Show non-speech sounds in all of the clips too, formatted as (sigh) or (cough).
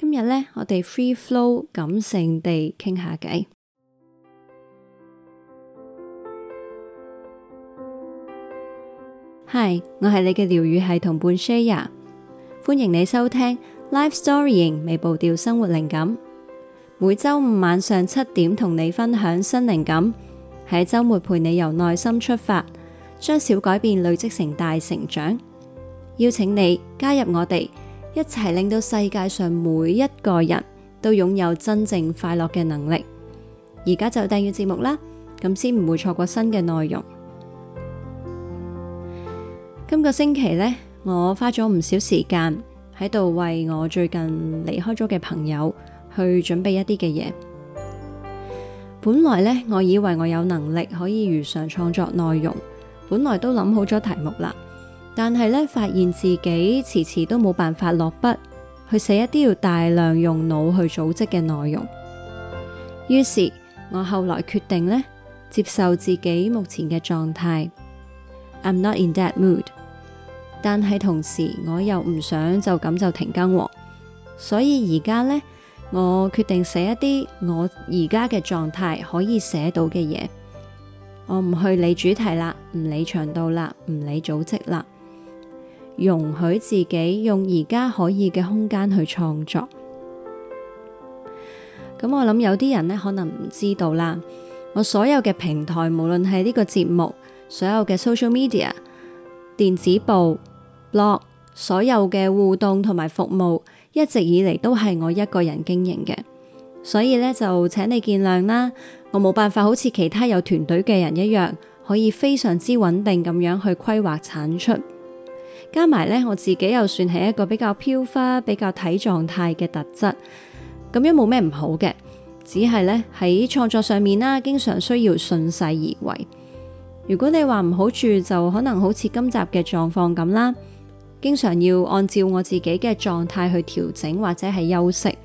今日呢，我哋 free flow 感性地傾下偈。Hi，我係你嘅療癒系同伴 Shaya，歡迎你收聽 Life Storying 微步調生活靈感。每周五晚上七點同你分享新靈感，喺周末陪你由內心出發，將小改變累積成大成長。邀請你加入我哋。一齊令到世界上每一個人都擁有真正快樂嘅能力。而家就訂閱節目啦，咁先唔會錯過新嘅內容。今個星期呢，我花咗唔少時間喺度為我最近離開咗嘅朋友去準備一啲嘅嘢。本來呢，我以為我有能力可以如常創作內容，本來都諗好咗題目啦。但係咧，發現自己遲遲都冇辦法落筆去寫一啲要大量用腦去組織嘅內容。於是我後來決定咧，接受自己目前嘅狀態。I'm not in that mood。但係同時我又唔想就咁就停更喎，所以而家呢，我決定寫一啲我而家嘅狀態可以寫到嘅嘢。我唔去理主題啦，唔理長度啦，唔理組織啦。容許自己用而家可以嘅空間去創作。咁我諗有啲人呢，可能唔知道啦。我所有嘅平台，無論係呢個節目、所有嘅 social media、電子報、blog，所有嘅互動同埋服務，一直以嚟都係我一個人經營嘅。所以呢，就請你見諒啦。我冇辦法好似其他有團隊嘅人一樣，可以非常之穩定咁樣去規劃產出。加埋咧，我自己又算係一個比較飄忽，比較睇狀態嘅特質，咁樣冇咩唔好嘅，只係咧，喺創作上面啦，經常需要順勢而為。如果你話唔好住，就可能好似今集嘅狀況咁啦，經常要按照我自己嘅狀態去調整或者係休息。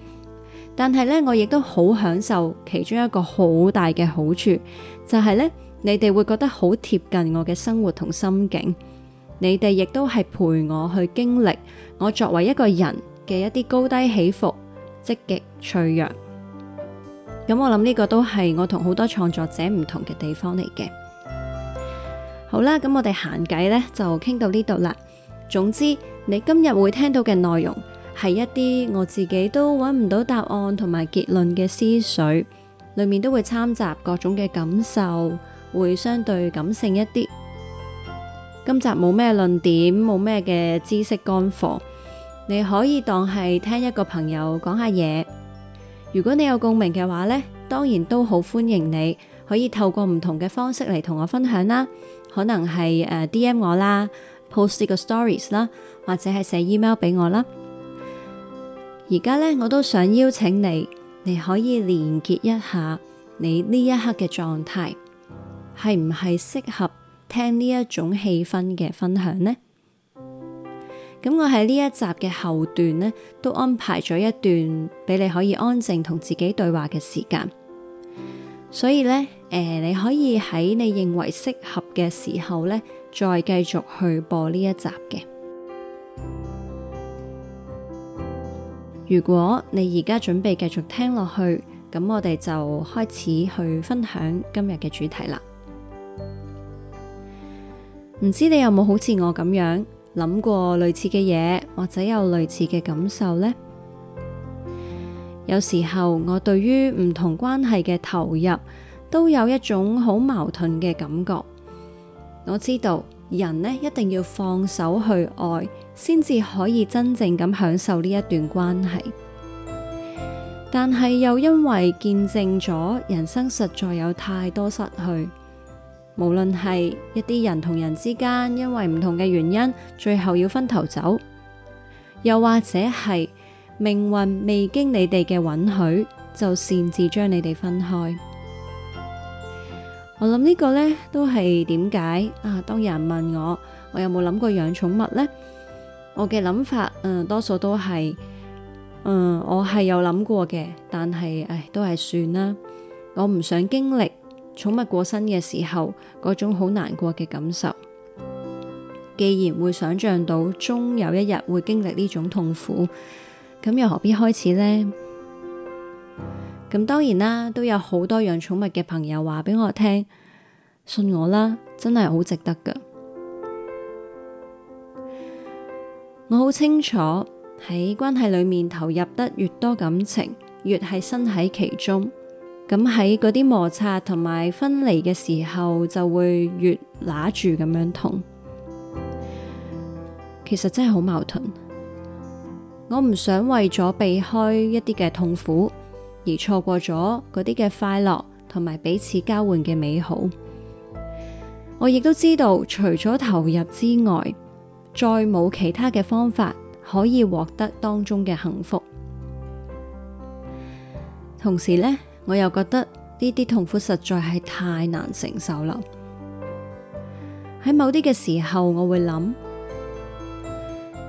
但係咧，我亦都好享受其中一個好大嘅好處，就係咧，你哋會覺得好貼近我嘅生活同心境。你哋亦都係陪我去經歷，我作為一個人嘅一啲高低起伏，積極脆弱。咁我諗呢個都係我同好多創作者唔同嘅地方嚟嘅。好啦，咁我哋閒偈呢就傾到呢度啦。總之，你今日會聽到嘅內容係一啲我自己都揾唔到答案同埋結論嘅思緒，裏面都會摻雜各種嘅感受，會相對感性一啲。今集冇咩論點，冇咩嘅知識乾貨，你可以當係聽一個朋友講下嘢。如果你有共鳴嘅話咧，當然都好歡迎你，可以透過唔同嘅方式嚟同我分享啦。可能係誒 DM 我啦，post 個 stories 啦，或者係寫 email 俾我啦。而家咧，我都想邀請你，你可以連結一下你呢一刻嘅狀態，係唔係適合？聽呢一種氣氛嘅分享呢？咁我喺呢一集嘅後段呢，都安排咗一段俾你可以安靜同自己對話嘅時間。所以呢，誒、呃，你可以喺你認為適合嘅時候呢，再繼續去播呢一集嘅。如果你而家準備繼續聽落去，咁我哋就開始去分享今日嘅主題啦。唔知你有冇好似我咁樣諗過類似嘅嘢，或者有類似嘅感受呢？有時候我對於唔同關係嘅投入，都有一種好矛盾嘅感覺。我知道，人呢一定要放手去愛，先至可以真正咁享受呢一段關係。但係又因為見證咗人生實在有太多失去。無論係一啲人同人之間，因為唔同嘅原因，最後要分頭走；又或者係命運未經你哋嘅允許，就擅自將你哋分開。我諗呢個呢，都係點解啊？當有人問我，我有冇諗過養寵物呢？我嘅諗法，嗯，多數都係，嗯，我係有諗過嘅，但係，唉，都係算啦，我唔想經歷寵物過身嘅時候，嗰種好難過嘅感受，既然會想象到終有一日會經歷呢種痛苦，咁又何必開始呢？咁當然啦，都有好多養寵物嘅朋友話俾我聽，信我啦，真係好值得㗎。我好清楚喺關係裏面投入得越多感情，越係身喺其中，咁喺嗰啲摩擦同埋分離嘅時候，就會越揦住咁樣痛。其實真係好矛盾。我唔想為咗避開一啲嘅痛苦，而錯過咗嗰啲嘅快樂同埋彼此交換嘅美好。我亦都知道，除咗投入之外，再冇其他嘅方法可以獲得當中嘅幸福。同時呢。我又覺得呢啲痛苦實在係太難承受啦。喺某啲嘅時候，我會諗，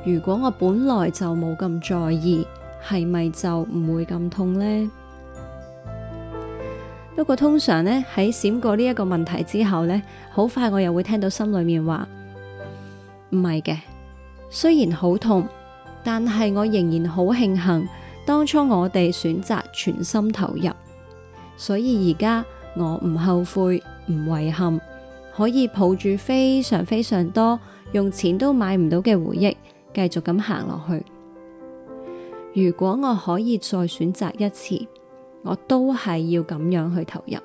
如果我本來就冇咁在意，係咪就唔會咁痛呢？不過通常呢，喺閃過呢一個問題之後呢，好快我又會聽到心裏面話唔係嘅。雖然好痛，但係我仍然好慶幸當初我哋選擇全心投入。所以而家我唔後悔、唔遺憾，可以抱住非常非常多用錢都買唔到嘅回憶，繼續咁行落去。如果我可以再選擇一次，我都係要咁樣去投入。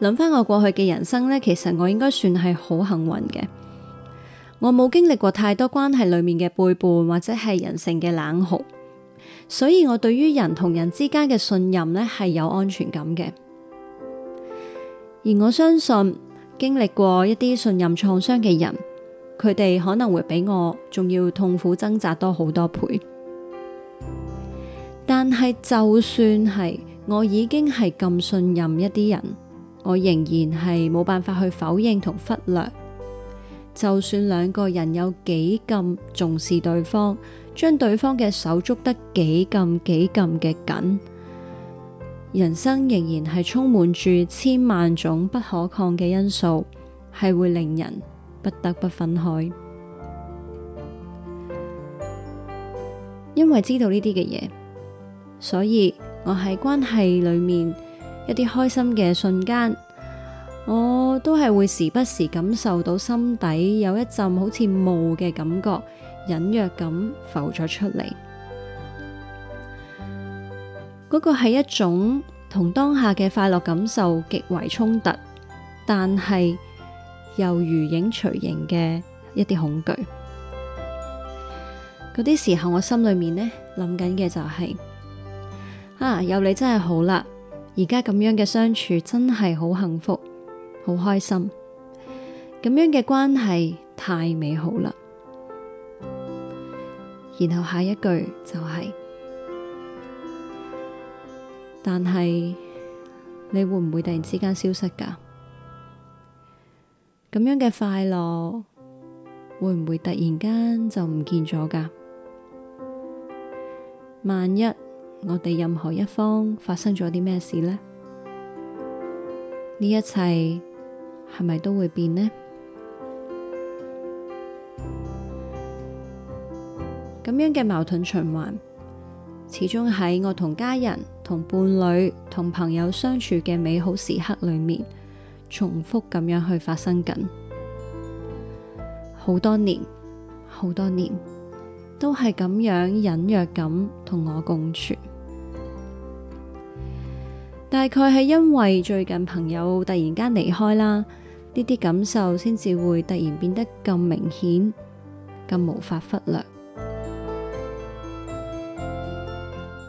諗翻我過去嘅人生呢，其實我應該算係好幸運嘅。我冇經歷過太多關係裏面嘅背叛或者係人性嘅冷酷，所以我對於人同人之間嘅信任呢係有安全感嘅。而我相信經歷過一啲信任創傷嘅人，佢哋可能會比我仲要痛苦掙扎多好多倍。但係就算係我已經係咁信任一啲人，我仍然係冇辦法去否認同忽略。就算兩個人有幾咁重視對方，將對方嘅手捉得幾咁幾咁嘅緊，人生仍然係充滿住千萬種不可抗嘅因素，係會令人不得不分開。因為知道呢啲嘅嘢，所以我喺關係裏面一啲開心嘅瞬間，我、oh, 都係會時不時感受到心底有一陣好似霧嘅感覺，隱約咁浮咗出嚟。嗰、嗰個係一種同當下嘅快樂感受極為衝突，但係又如影隨形嘅一啲恐懼。嗰啲時候，我心裏面呢，諗緊嘅就係、係、啊，有你真係好啦，而家咁樣嘅相處真係好幸福。好開心，咁樣嘅關係太美好啦。然後下一句就係，但係你會唔會突然之間消失噶？咁樣嘅快樂會唔會突然間就唔見咗噶？萬一我哋任何一方發生咗啲咩事呢？呢一切。係咪都會變呢？咁樣嘅矛盾循環，始終喺我同家人、同伴侶、同朋友相處嘅美好時刻裏面，重複咁樣去發生緊。好多年，好多年，都係咁樣隱約咁同我共存。大概係因為最近朋友突然間離開啦，呢啲感受先至會突然變得咁明顯、咁無法忽略。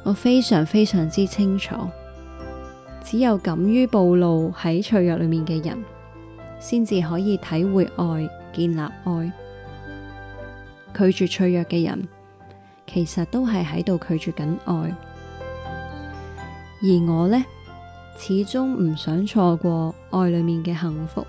我非常非常之清楚，只有敢於暴露喺脆弱裏面嘅人，先至可以體會愛、建立愛。拒絕脆弱嘅人，其實都係喺度拒絕緊愛。而我呢。始終唔想錯過愛裏面嘅幸福。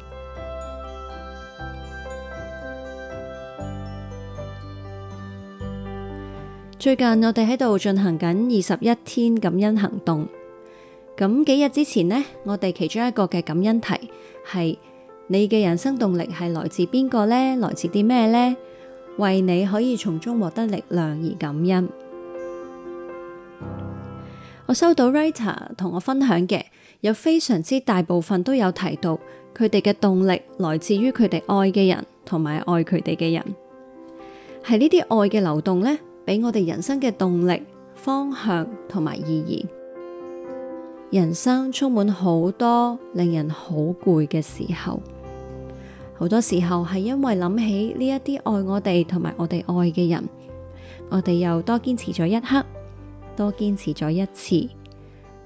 最近我哋喺度進行緊二十一天感恩行動，咁幾日之前呢，我哋其中一個嘅感恩題係：你嘅人生動力係來自邊個呢？來自啲咩呢？為你可以從中獲得力量而感恩。我收到 writer 同我分享嘅，有非常之大部分都有提到，佢哋嘅動力來自於佢哋愛嘅人，同埋愛佢哋嘅人，係呢啲愛嘅流動咧，俾我哋人生嘅動力、方向同埋意義。人生充滿好多令人好攰嘅時候，好多時候係因為諗起呢一啲愛我哋同埋我哋愛嘅人，我哋又多堅持咗一刻。多堅持咗一次，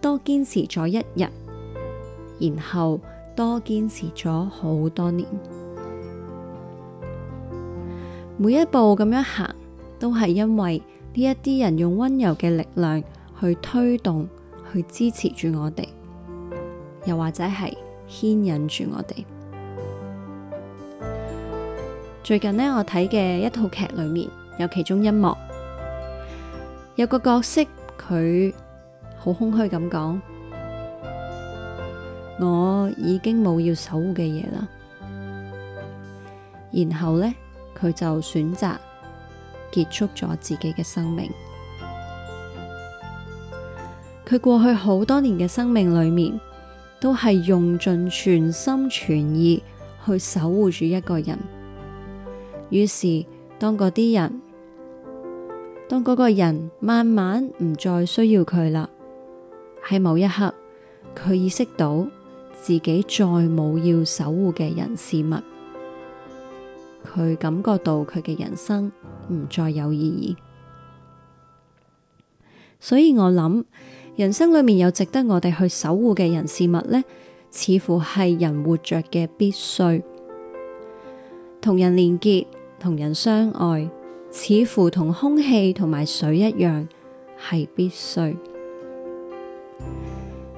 多堅持咗一日，然後多堅持咗好多年。每一步咁樣行，都係因為呢一啲人用温柔嘅力量去推動，去支持住我哋，又或者係牽引住我哋。最近呢，我睇嘅一套劇裏面有其中一幕，有個角色。佢好空虛咁講，我已經冇要守護嘅嘢啦。然後呢，佢就選擇結束咗自己嘅生命。佢過去好多年嘅生命裏面，都係用盡全心全意去守護住一個人。於是，當嗰啲人……當嗰個人慢慢唔再需要佢啦，喺某一刻，佢意識到自己再冇要守護嘅人事物，佢感覺到佢嘅人生唔再有意義。所以我諗，人生裏面有值得我哋去守護嘅人事物咧，似乎係人活着嘅必須，同人連結，同人相愛。似乎同空氣同埋水一樣，係必須，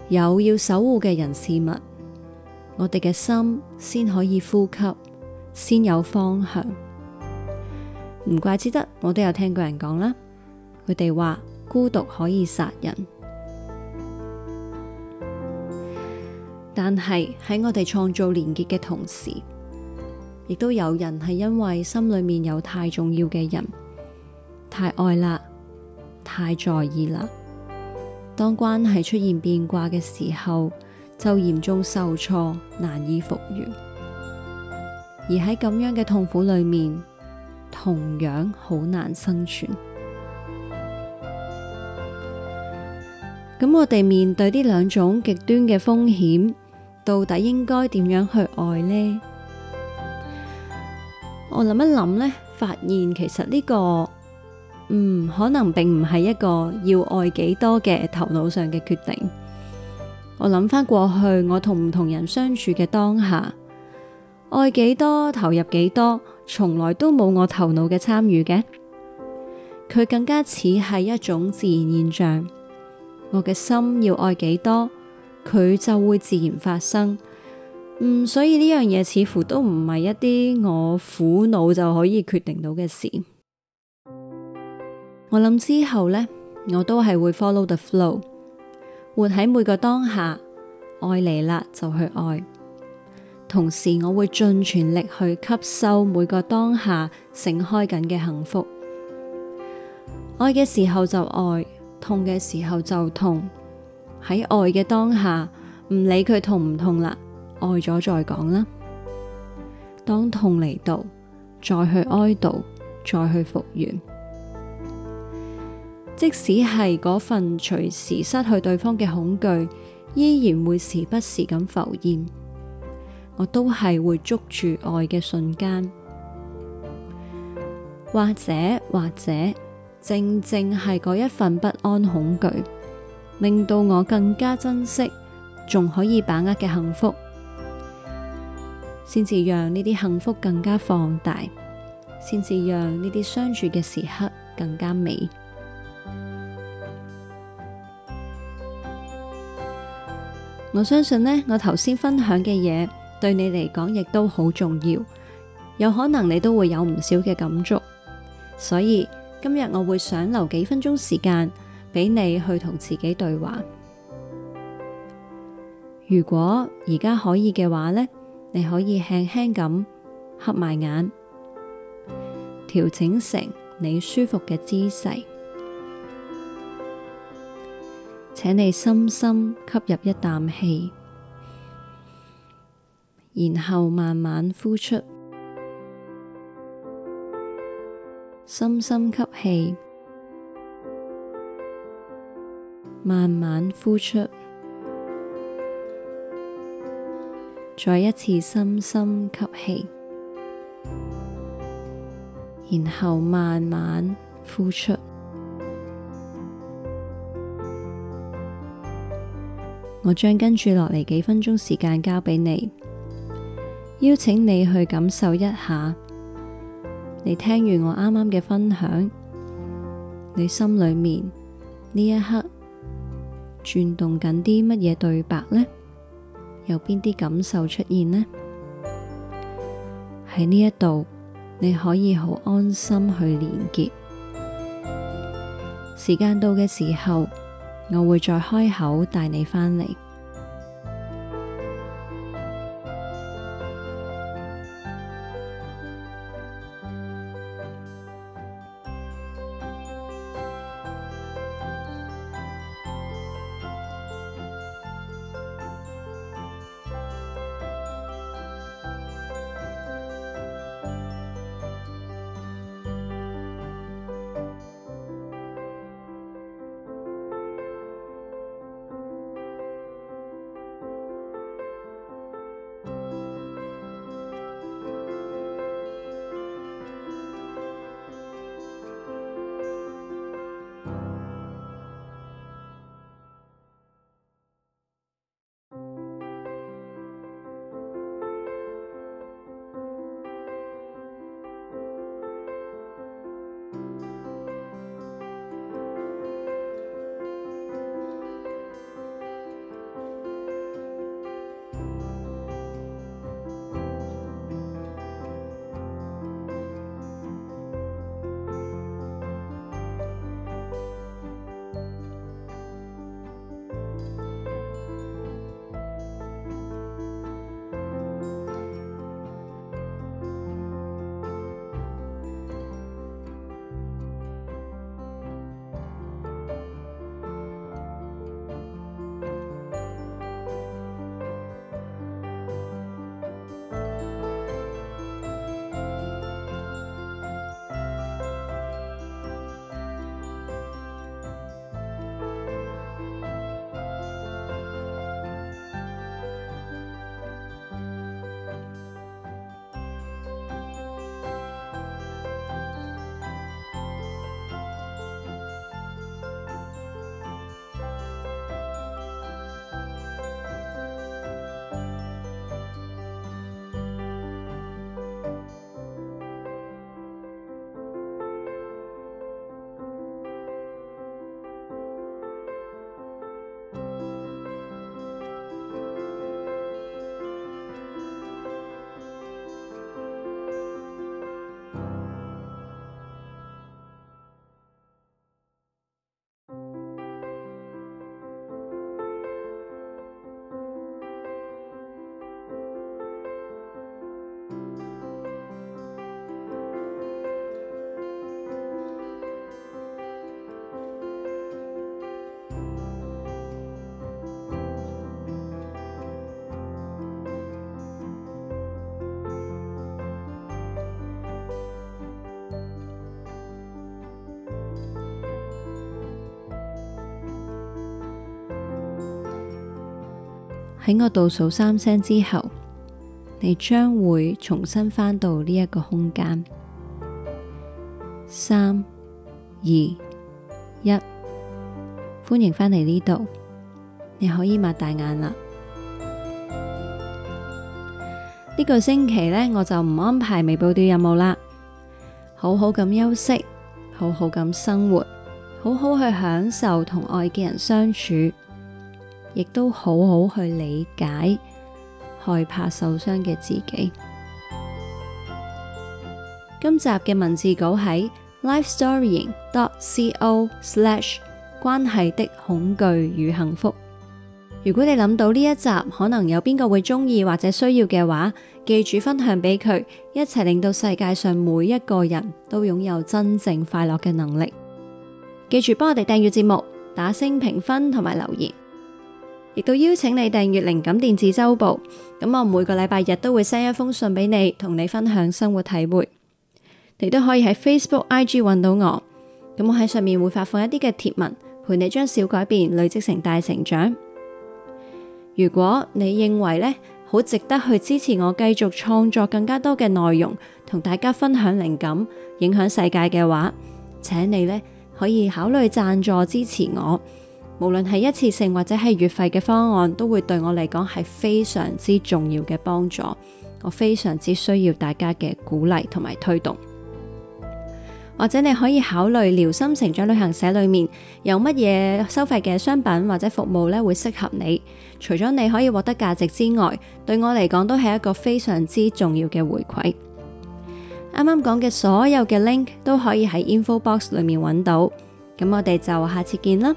有要守護嘅人事物，我哋嘅心先可以呼吸，先有方向。唔怪之得，我都有聽過人講啦，佢哋話孤獨可以殺人，但係喺我哋創造連結嘅同時。亦都有人係因為心裏面有太重要嘅人，太愛啦，太在意啦。當關係出現變卦嘅時候，就嚴重受挫，難以復原。而喺咁樣嘅痛苦裏面，同樣好難生存。咁我哋面對呢兩種極端嘅風險，到底應該點樣去愛呢？我諗一諗呢，發現其實呢個嗯，可能並唔係一個要愛幾多嘅頭腦上嘅決定。我諗翻過去，我同唔同人相處嘅當下，愛幾多，投入幾多，從來都冇我頭腦嘅參與嘅。佢更加似係一種自然現象。我嘅心要愛幾多，佢就會自然發生。嗯，所以呢樣嘢似乎都唔係一啲我苦惱就可以決定到嘅事。我諗之後呢，我都係會 follow the flow，活喺每個當下，愛嚟啦就去愛，同時我會盡全力去吸收每個當下盛開緊嘅幸福。愛嘅時候就愛，痛嘅時候就痛，喺愛嘅當下唔理佢痛唔痛啦。愛咗再講啦，當痛嚟到再去哀悼，再去復原。即使係嗰份隨時失去對方嘅恐懼，依然會時不時咁浮現。我都係會捉住愛嘅瞬間，或者或者正正係嗰一份不安恐懼，令到我更加珍惜，仲可以把握嘅幸福。先至讓呢啲幸福更加放大，先至讓呢啲相處嘅時刻更加美。 (music) 我相信呢，我頭先分享嘅嘢對你嚟講亦都好重要，有可能你都會有唔少嘅感觸。所以今日我會想留幾分鐘時間俾你去同自己對話。如果而家可以嘅話呢。你可以輕輕咁合埋眼，調整成你舒服嘅姿勢。請你深深吸入一啖氣，然後慢慢呼出。深深吸氣，慢慢呼出。再一次深深吸氣，然後慢慢呼出。我將跟住落嚟幾分鐘時間交俾你，邀請你去感受一下。你聽完我啱啱嘅分享，你心裏面呢一刻轉動緊啲乜嘢對白呢？有邊啲感受出現呢？喺呢一度，你可以好安心去連結。時間到嘅時候，我會再開口帶你返嚟。喺我倒數三聲之後，你將會重新返到呢一個空間。三、二、一，歡迎返嚟呢度。你可以擘大眼啦。呢、這個星期呢，我就唔安排微曝露任務啦。好好咁休息，好好咁生活，好好去享受同愛嘅人相處。亦都好好去理解害怕受傷嘅自己。今集嘅文字稿喺 lifestorying.co/ 關係的恐懼與幸福。如果你諗到呢一集可能有邊個會中意或者需要嘅話，記住分享俾佢，一齊令到世界上每一個人都擁有真正快樂嘅能力。記住幫我哋訂閱節目、打聲評分同埋留言。亦都邀請你訂閱靈感電子週報，咁我每個禮拜日都會 send 一封信俾你，同你分享生活體會。你都可以喺 Facebook、IG 搵到我，咁我喺上面會發放一啲嘅貼文，陪你將小改變累積成大成長。如果你認為呢好值得去支持我繼續創作更加多嘅內容，同大家分享靈感，影響世界嘅話，請你呢可以考慮贊助支持我。無論係一次性或者係月費嘅方案，都會對我嚟講係非常之重要嘅幫助。我非常之需要大家嘅鼓勵同埋推動，或者你可以考慮療心成長旅行社裏面有乜嘢收費嘅商品或者服務咧，會適合你。除咗你可以獲得價值之外，對我嚟講都係一個非常之重要嘅回饋。啱啱講嘅所有嘅 link 都可以喺 info box 裏面揾到。咁我哋就下次見啦。